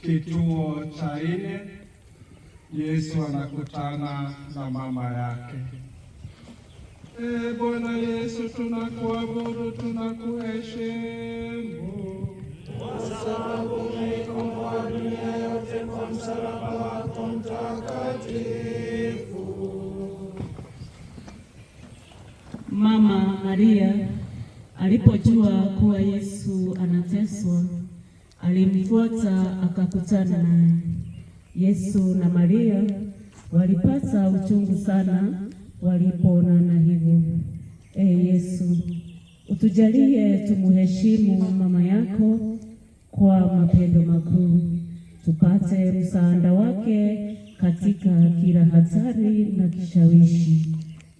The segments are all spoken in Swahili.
Kituo cha nne, Yesu anakutana na mama yake. E Bwana Yesu, tunakuabudu, tunakuheshimu kwa sababu umeikomboa dunia yote kwa msalaba wako mtakatifu. Mama Maria alipojua kuwa Yesu anateswa Alimfuata akakutana naye. Yesu na Maria walipata uchungu sana walipoonana hivyo. E Yesu, utujalie tumheshimu mama yako kwa mapendo makuu, tupate msaada wake katika kila hatari na kishawishi.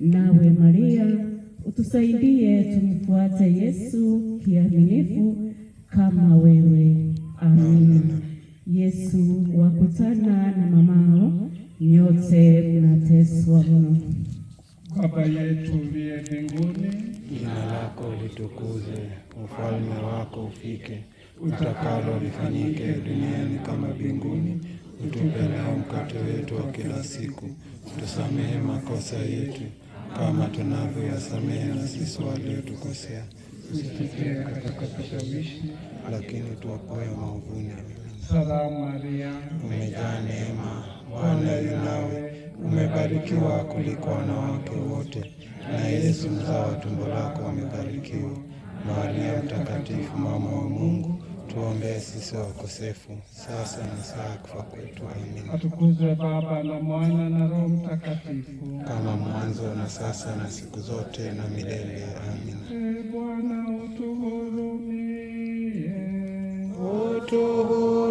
Nawe Maria, utusaidie tumfuate Yesu kiaminifu kama wewe. Amen. Yesu wakutana na mamao, nyote mnateswa mno. Baba yetu uliye mbinguni, jina lako litukuzwe, ufalme wako ufike, utakalo lifanyike duniani kama mbinguni. Utupe leo mkate wetu wa kila siku, utusamehe makosa yetu kama tunavyoyasamehe na sisi waliotukosea lakini tuokoe maovuni. Salamu Maria, umejaa neema, Bwana yu nawe, umebarikiwa kuliko wanawake wote, na Yesu mzao wa tumbo lako amebarikiwa. Maria mtakatifu, mama wa Mungu Tuombee sisi wakosefu sasa na saa kufa kwetu. Amina. Atukuzwe Baba na Mwana na Roho Mtakatifu, kama mwanzo na sasa na siku zote na milele. Amina. E Bwana utuhurumie, utuhurumie.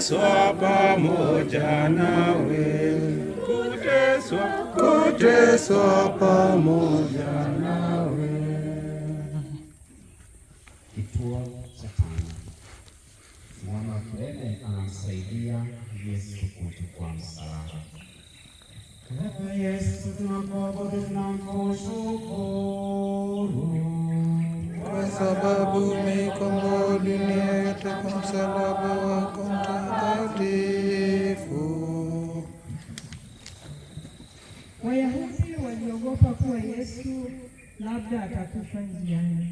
kuteswa pamoja nawe, kuteswa, kuteswa pamoja nawe. Kituo cha Kana, mwanamfalme anamsaidia Yesu kuchukua msalaba. Baba Yesu, tunakuabudu, tunakushukuru kwa sababu umeikomboa dunia yetu kwa msalaba wako. Yesu labda atakufa njiani.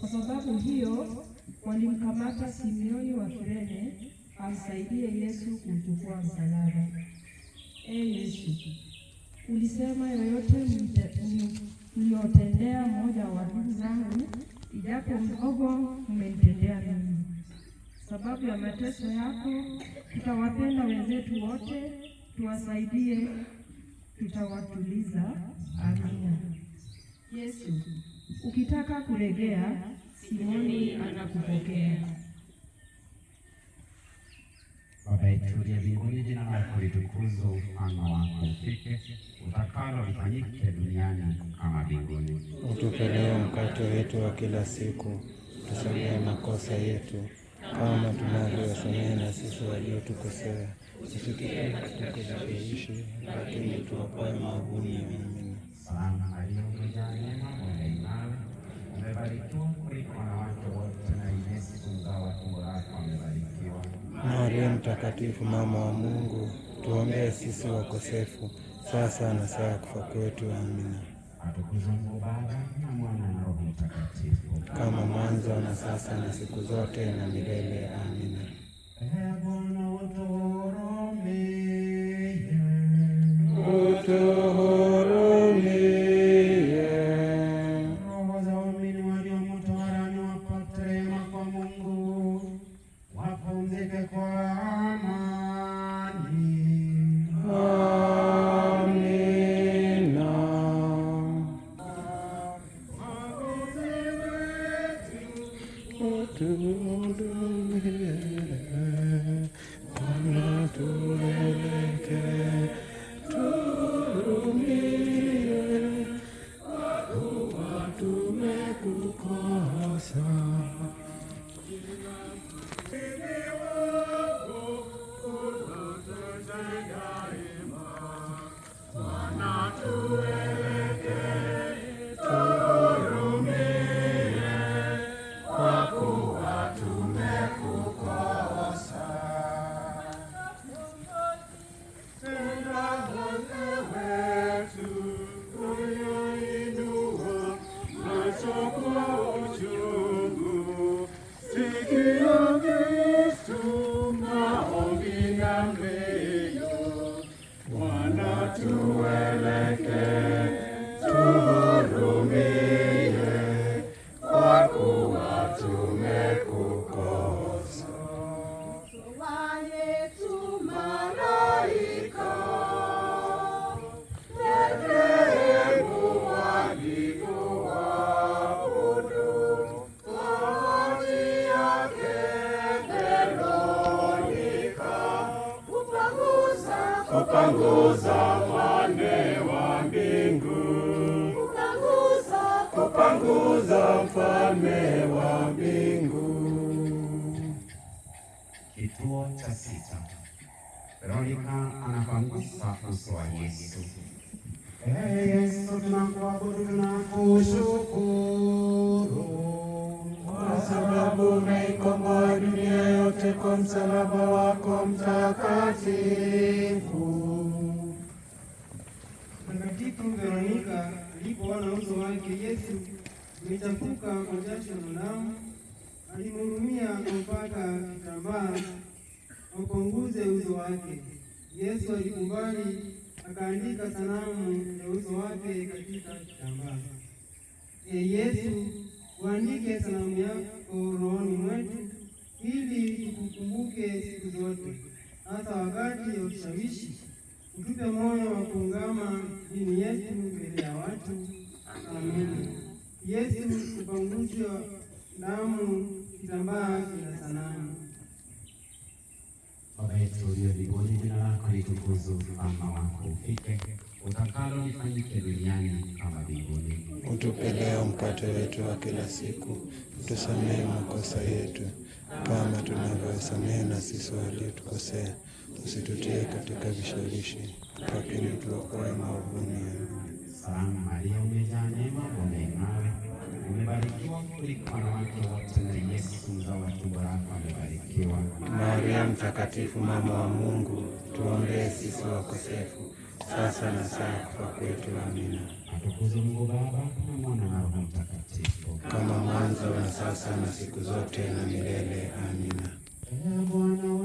Kwa sababu hiyo walimkamata Simioni wa Kirene amsaidie Yesu kuchukua msalaba. E Yesu, ulisema yoyote mliotendea mmoja wa ndugu zangu, ijapo mdogo, mmenitendea mimi. Sababu ya mateso yako, tutawapenda wenzetu wote, tuwasaidie tutawatuliza. Amina. Yesu, ukitaka kuregea, Simoni anakupokea. Baba yetu uliye mbinguni, jina lako litukuzwe, ufalme wako ufike, utakalo lifanyike duniani kama mbinguni. Utupe leo mkate wetu wa kila siku, tusamehe makosa yetu kama tunavyosamehe na sisi waliotukosea usitukite katika kishawishi, lakini tuokoe maovuni. Amina. Salamu Maria, umejaa neema, umebarikiwa kuliko wanawake wote, na Yesu mzao wa tumbo lako amebarikiwa. Maria Mtakatifu, mama wa Mungu, tuombee sisi wakosefu, sasa na saa ya kufa kwetu. Amina. Atukuzwe Baba na Mwana na Roho Mtakatifu, kama mwanzo na sasa na siku zote na milele. Amina. Ee utuhurumie. Roho za waumini waliomutawara wapate rehema kwa Mungu, wapumzike kwa amani. Amina. Kituo cha sita, Veronica anapangusa uso wa Yesu. Ee Yesu, tunakuabudu tunakushukuru kwa sababu umeikomboa dunia yote kwa msalaba wako mtakatifu. Mtakatifu Veronika alipoona uso wake Yesu umechafuka kwa jasho na damu, alimhurumia kumpaka kitambaa wapunguze uso wake. Yesu alikubali, akaandika sanamu ya uso wake katika kitambaa. E Yesu, uandike sanamu yako rohoni mwetu, ili tukukumbuke siku zote, hasa wakati wa ushawishi. Utupe moyo wa kuungama dini yetu mbele ya watu. Amen. Yesu, tupanguze damu kitambaa kila sanamu Baba yetu uliye mbinguni, jina lako litukuzwe, ufalme wako ufike, utakalo lifanyike duniani kama mbinguni. Utupe leo mkate wetu wa kila siku, utusamehe makosa yetu kama tunavyosamehe na sisi waliotukosea, usitutie katika vishawishi, lakini tuokoe maovuni. Salamu Maria, umejaa neema, Bwana nawe, umebarikiwa kuliko wanawake wote, na Yesu mzao wa tumbo lako amebarikiwa. Maria Mtakatifu, mama wa Mungu, tuombee sisi wakosefu, sasa na saa ya kufa kwetu. Amina. Atukuzwe Mungu Baba na Mwana na Roho Mtakatifu, kama mwanzo na sasa na siku zote na milele. Amina. Ee